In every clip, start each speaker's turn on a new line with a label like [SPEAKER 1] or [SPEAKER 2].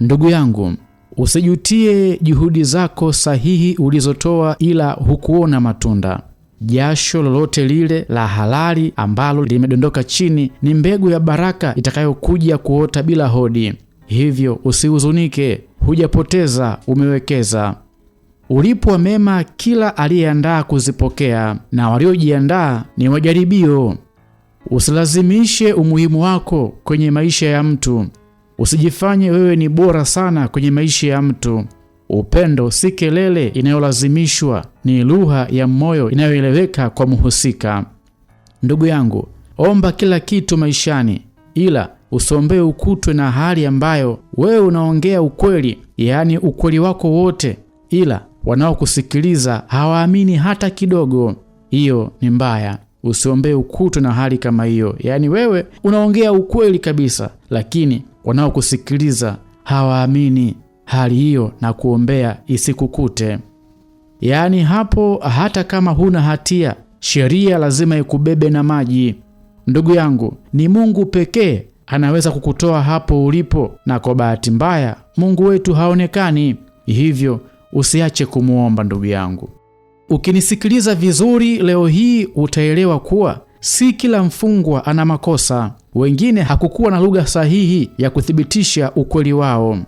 [SPEAKER 1] Ndugu yangu, usijutie juhudi zako sahihi ulizotoa ila hukuona matunda. Jasho lolote lile la halali ambalo limedondoka chini ni mbegu ya baraka itakayokuja kuota bila hodi. Hivyo usihuzunike, hujapoteza, umewekeza. Ulipwa mema kila aliyeandaa kuzipokea, na waliojiandaa ni majaribio. Usilazimishe umuhimu wako kwenye maisha ya mtu. Usijifanye wewe ni bora sana kwenye maisha ya mtu. Upendo si kelele inayolazimishwa, ni lugha ya moyo inayoeleweka kwa mhusika. Ndugu yangu, omba kila kitu maishani, ila usiombee ukutwe na hali ambayo wewe unaongea ukweli, yaani ukweli wako wote, ila wanaokusikiliza hawaamini hata kidogo. Hiyo ni mbaya. Usiombee ukutwe na hali kama hiyo, yaani wewe unaongea ukweli kabisa, lakini wanaokusikiliza hawaamini hali hiyo na kuombea isikukute. Yaani hapo hata kama huna hatia, sheria lazima ikubebe na maji. Ndugu yangu, ni Mungu pekee anaweza kukutoa hapo ulipo, na kwa bahati mbaya Mungu wetu haonekani. Hivyo usiache kumwomba ndugu yangu. Ukinisikiliza vizuri leo hii utaelewa kuwa si kila mfungwa ana makosa wengine hakukuwa na lugha sahihi ya kuthibitisha ukweli wao.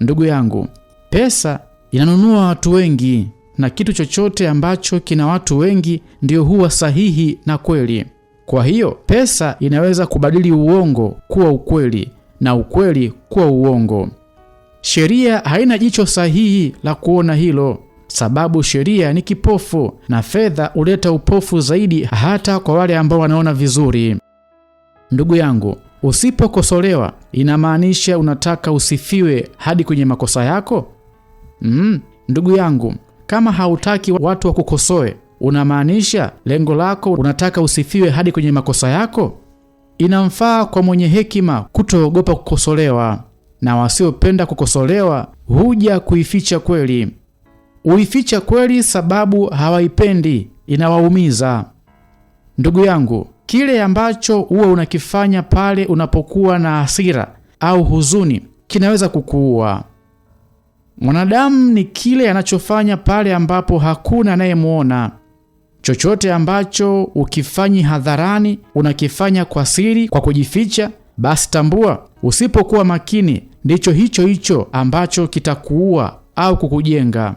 [SPEAKER 1] Ndugu yangu, pesa inanunua watu wengi, na kitu chochote ambacho kina watu wengi ndiyo huwa sahihi na kweli. Kwa hiyo pesa inaweza kubadili uongo kuwa ukweli na ukweli kuwa uongo. Sheria haina jicho sahihi la kuona hilo, sababu sheria ni kipofu, na fedha huleta upofu zaidi hata kwa wale ambao wanaona vizuri. Ndugu yangu, usipokosolewa inamaanisha unataka usifiwe hadi kwenye makosa yako? Mm, ndugu yangu, kama hautaki watu wakukosoe unamaanisha lengo lako unataka usifiwe hadi kwenye makosa yako? Inamfaa kwa mwenye hekima kutoogopa kukosolewa, na wasiopenda kukosolewa huja kuificha kweli. uificha kweli sababu hawaipendi, inawaumiza. Ndugu yangu, Kile ambacho huwa unakifanya pale unapokuwa na hasira au huzuni kinaweza kukuua. Mwanadamu ni kile anachofanya pale ambapo hakuna anayemwona. Chochote ambacho ukifanyi hadharani, unakifanya kwa siri, kwa kujificha, basi tambua, usipokuwa makini, ndicho hicho hicho ambacho kitakuua au kukujenga.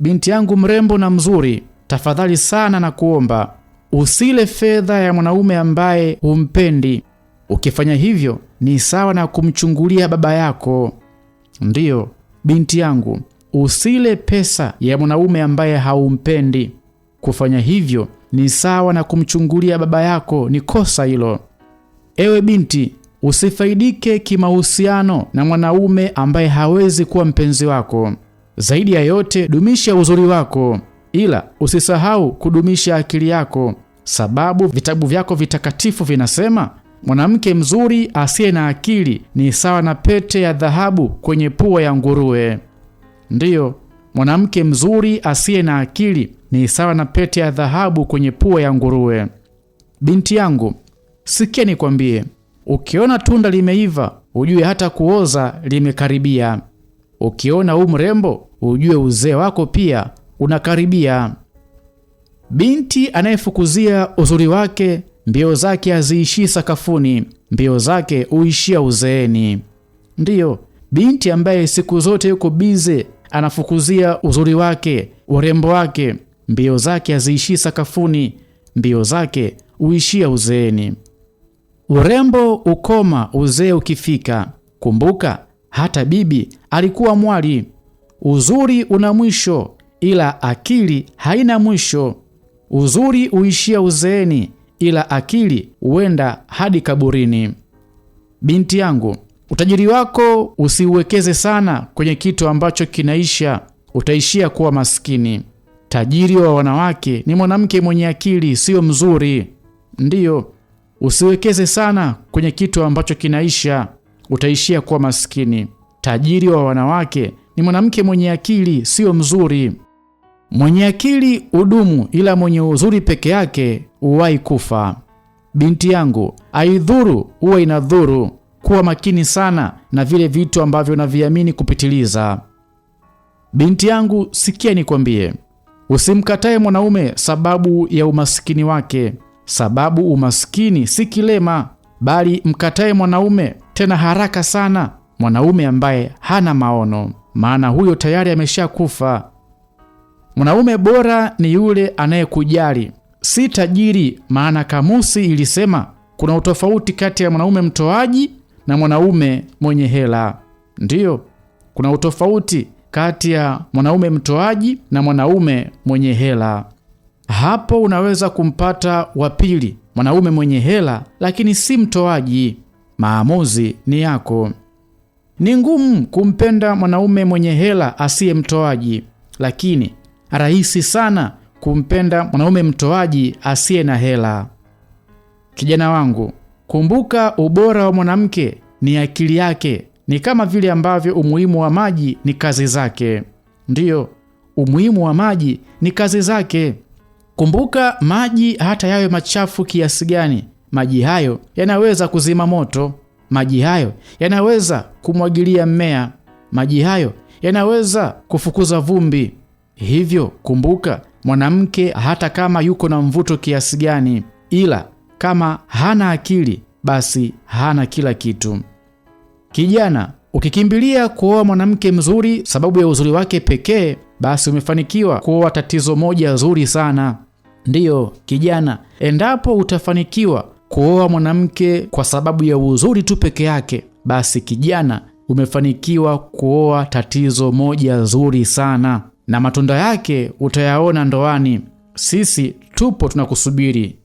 [SPEAKER 1] Binti yangu mrembo na mzuri, tafadhali sana na kuomba Usile fedha ya mwanaume ambaye humpendi. Ukifanya hivyo ni sawa na kumchungulia baba yako. Ndiyo binti yangu, usile pesa ya mwanaume ambaye haumpendi. Kufanya hivyo ni sawa na kumchungulia baba yako, ni kosa hilo. Ewe binti, usifaidike kimahusiano na mwanaume ambaye hawezi kuwa mpenzi wako. Zaidi ya yote, dumisha uzuri wako ila usisahau kudumisha akili yako, sababu vitabu vyako vitakatifu vinasema, mwanamke mzuri asiye na akili ni sawa na pete ya dhahabu kwenye pua ya nguruwe. Ndiyo, mwanamke mzuri asiye na akili ni sawa na pete ya dhahabu kwenye pua ya nguruwe. Binti yangu, sikia nikwambie, ukiona tunda limeiva ujue hata kuoza limekaribia. Ukiona u mrembo ujue uzee wako pia unakaribia. Binti anayefukuzia uzuri wake, mbio zake haziishii sakafuni, mbio zake huishia uzeeni. Ndiyo, binti ambaye siku zote yuko bize anafukuzia uzuri wake, urembo wake, mbio zake haziishii sakafuni, mbio zake huishia uzeeni. Urembo ukoma, uzee ukifika. Kumbuka hata bibi alikuwa mwali. Uzuri una mwisho, ila akili haina mwisho. Uzuri uishia uzeeni, ila akili huenda hadi kaburini. Binti yangu, utajiri wako usiuwekeze sana kwenye kitu ambacho kinaisha, utaishia kuwa maskini. Tajiri wa wanawake ni mwanamke mwenye akili, siyo mzuri. Ndiyo, usiwekeze sana kwenye kitu ambacho kinaisha, utaishia kuwa maskini. Tajiri wa wanawake ni mwanamke mwenye akili, siyo mzuri. Mwenye akili udumu, ila mwenye uzuri peke yake uwai kufa. Binti yangu, aidhuru huwa inadhuru. Kuwa makini sana na vile vitu ambavyo unaviamini kupitiliza. Binti yangu, sikia nikwambie, usimkatae mwanaume sababu ya umasikini wake, sababu umasikini si kilema, bali mkatae mwanaume tena haraka sana, mwanaume ambaye hana maono, maana huyo tayari ameshakufa. Mwanaume bora ni yule anayekujali, si tajiri, maana kamusi ilisema kuna utofauti kati ya mwanaume mtoaji na mwanaume mwenye hela. Ndiyo, kuna utofauti kati ya mwanaume mtoaji na mwanaume mwenye hela. Hapo unaweza kumpata wa pili, mwanaume mwenye hela lakini si mtoaji. Maamuzi ni yako. Ni ngumu kumpenda mwanaume mwenye hela asiye mtoaji, lakini rahisi sana kumpenda mwanaume mtoaji asiye na hela. Kijana wangu, kumbuka ubora wa mwanamke ni akili yake, ni kama vile ambavyo umuhimu wa maji ni kazi zake. Ndiyo, umuhimu wa maji ni kazi zake. Kumbuka, maji hata yawe machafu kiasi gani, maji hayo yanaweza kuzima moto, maji hayo yanaweza kumwagilia mmea, maji hayo yanaweza kufukuza vumbi, Hivyo kumbuka, mwanamke hata kama yuko na mvuto kiasi gani, ila kama hana akili, basi hana kila kitu. Kijana, ukikimbilia kuoa mwanamke mzuri sababu ya uzuri wake pekee, basi umefanikiwa kuoa tatizo moja zuri sana. Ndiyo kijana, endapo utafanikiwa kuoa mwanamke kwa sababu ya uzuri tu peke yake, basi kijana, umefanikiwa kuoa tatizo moja zuri sana na matunda yake utayaona ndoani. Sisi tupo tunakusubiri,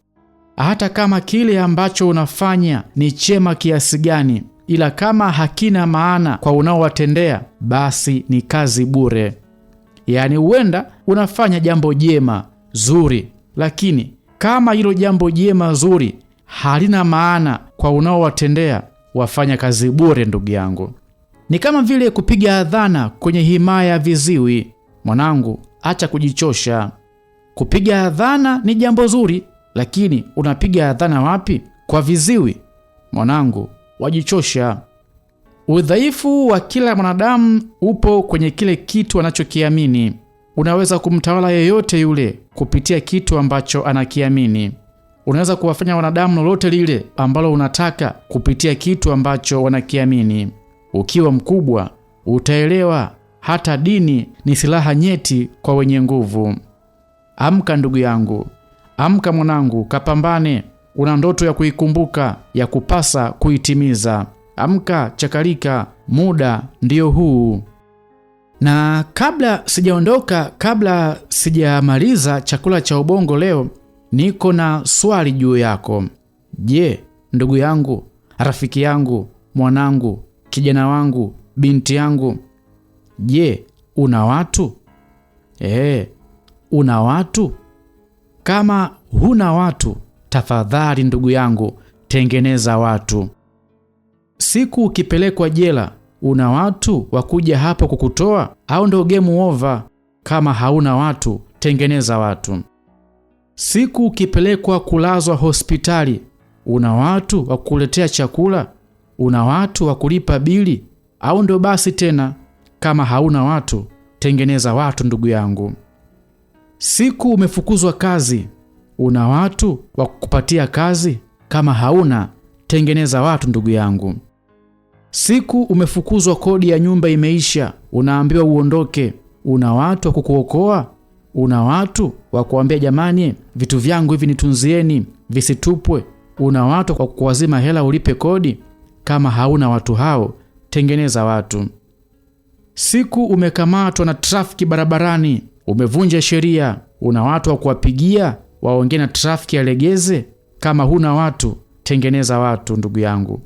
[SPEAKER 1] hata kama kile ambacho unafanya ni chema kiasi gani, ila kama hakina maana kwa unaowatendea, basi ni kazi bure. Yaani, huenda unafanya jambo jema zuri, lakini kama hilo jambo jema zuri halina maana kwa unaowatendea, wafanya kazi bure, ndugu yangu. Ni kama vile kupiga adhana kwenye himaya ya viziwi. Mwanangu, acha kujichosha. Kupiga adhana ni jambo zuri, lakini unapiga adhana wapi? Kwa viziwi? Mwanangu, wajichosha. Udhaifu wa kila mwanadamu upo kwenye kile kitu anachokiamini. Unaweza kumtawala yeyote yule kupitia kitu ambacho anakiamini. Unaweza kuwafanya wanadamu lolote lile ambalo unataka kupitia kitu ambacho wanakiamini. Ukiwa mkubwa utaelewa hata dini ni silaha nyeti kwa wenye nguvu. Amka ndugu yangu, amka mwanangu, kapambane. Una ndoto ya kuikumbuka, ya kupasa kuitimiza. Amka, chakalika, muda ndiyo huu. Na kabla sijaondoka, kabla sijamaliza chakula cha ubongo leo, niko na swali juu yako. Je, ndugu yangu, rafiki yangu, mwanangu, kijana wangu, binti yangu, Je, una watu? E, una watu? Kama huna watu, tafadhali ndugu yangu, tengeneza watu. Siku ukipelekwa jela, una watu wa kuja hapo kukutoa au ndo gemu ova Kama hauna watu, tengeneza watu. Siku ukipelekwa kulazwa hospitali, una watu wa kukuletea chakula? Una watu wa kulipa bili au ndo basi tena kama hauna watu, tengeneza watu, ndugu yangu. Siku umefukuzwa kazi, una watu wa kukupatia kazi? Kama hauna, tengeneza watu, ndugu yangu. Siku umefukuzwa, kodi ya nyumba imeisha, unaambiwa uondoke, una watu wa kukuokoa? Una watu wa kuambia jamani, vitu vyangu hivi nitunzieni, visitupwe? Una watu wa kukuwazima hela ulipe kodi? Kama hauna watu hao, tengeneza watu. Siku umekamatwa na trafiki barabarani, umevunja sheria, una watu wa kuwapigia waongee na trafiki alegeze? Kama huna watu, tengeneza watu, ndugu yangu.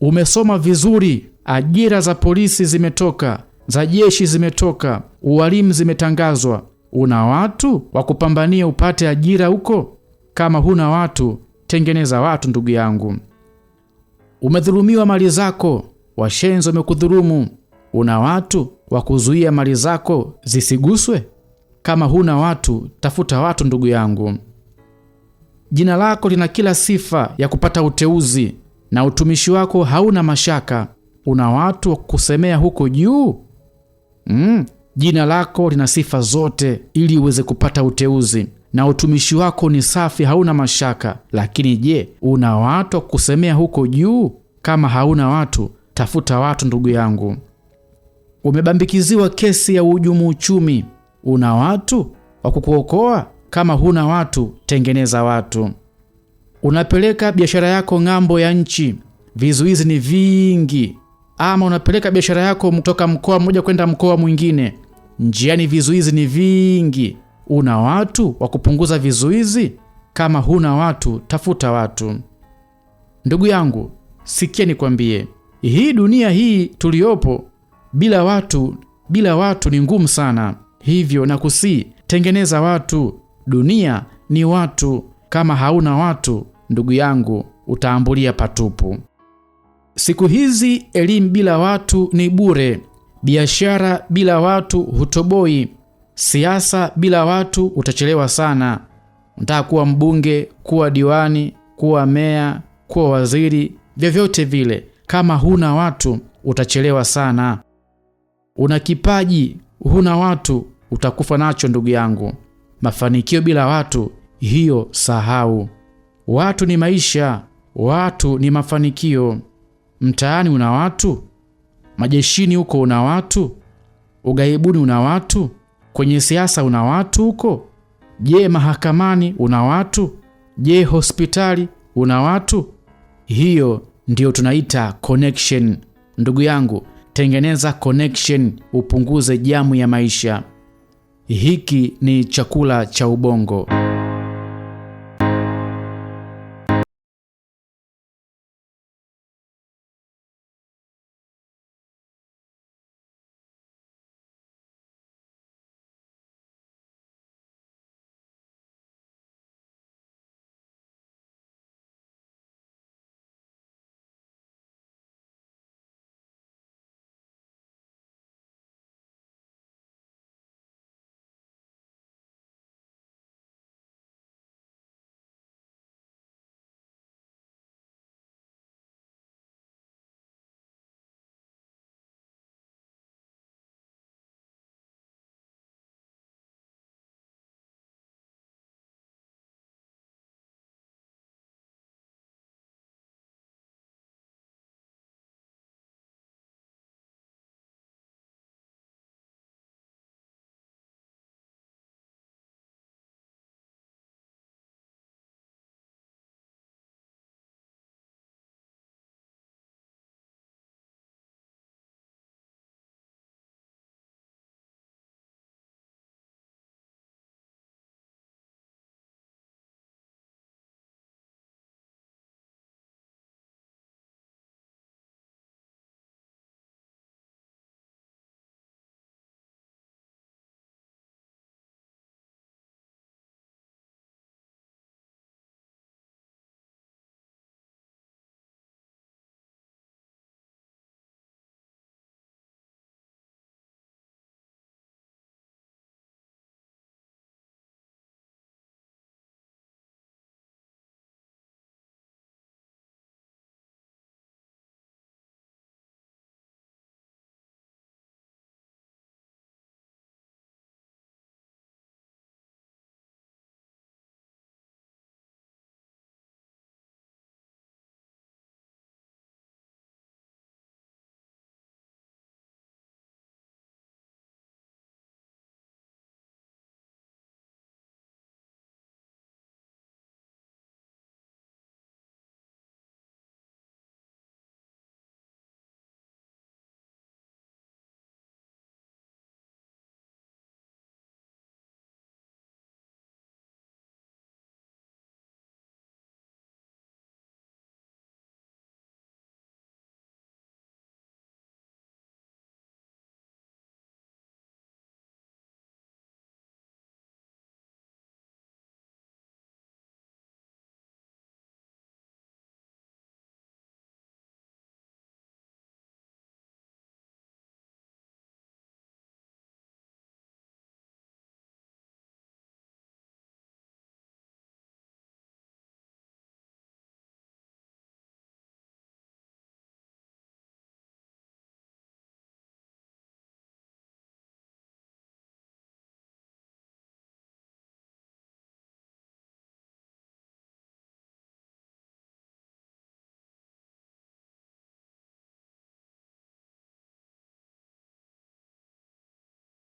[SPEAKER 1] Umesoma vizuri, ajira za polisi zimetoka, za jeshi zimetoka, ualimu zimetangazwa. Una watu wa kupambania upate ajira huko? Kama huna watu, tengeneza watu, ndugu yangu. Umedhulumiwa mali zako, washenzi wamekudhulumu Una watu wa kuzuia mali zako zisiguswe? Kama huna watu, tafuta watu, ndugu yangu. Jina lako lina kila sifa ya kupata uteuzi na utumishi wako hauna mashaka. Una watu wa kukusemea huko juu? Mm, jina lako lina sifa zote ili uweze kupata uteuzi na utumishi wako ni safi, hauna mashaka. Lakini je, una watu wa kukusemea huko juu? Kama hauna watu, tafuta watu, ndugu yangu. Umebambikiziwa kesi ya uhujumu uchumi. Una watu wa kukuokoa? Kama huna watu, tengeneza watu. Unapeleka biashara yako ng'ambo ya nchi, vizuizi ni vingi. Ama unapeleka biashara yako kutoka mkoa mmoja kwenda mkoa mwingine, njiani vizuizi ni vingi. Una watu wa kupunguza vizuizi? Kama huna watu, tafuta watu. Ndugu yangu, sikia nikwambie, hii dunia hii tuliyopo bila watu, bila watu ni ngumu sana. Hivyo na kusi tengeneza watu. Dunia ni watu. Kama hauna watu, ndugu yangu, utaambulia patupu. Siku hizi elimu bila watu ni bure, biashara bila watu hutoboi, siasa bila watu utachelewa sana. Unataka kuwa mbunge, kuwa diwani, kuwa meya, kuwa waziri, vyovyote vile, kama huna watu utachelewa sana. Una kipaji, huna watu, utakufa nacho ndugu yangu. Mafanikio bila watu, hiyo sahau. Watu ni maisha, watu ni mafanikio. Mtaani una watu, majeshini huko una watu, ugaibuni una watu, kwenye siasa una watu huko. Je, mahakamani una watu? Je, hospitali una watu? Hiyo ndiyo tunaita connection, ndugu yangu tengeneza connection, upunguze jamu ya maisha. Hiki ni chakula cha ubongo.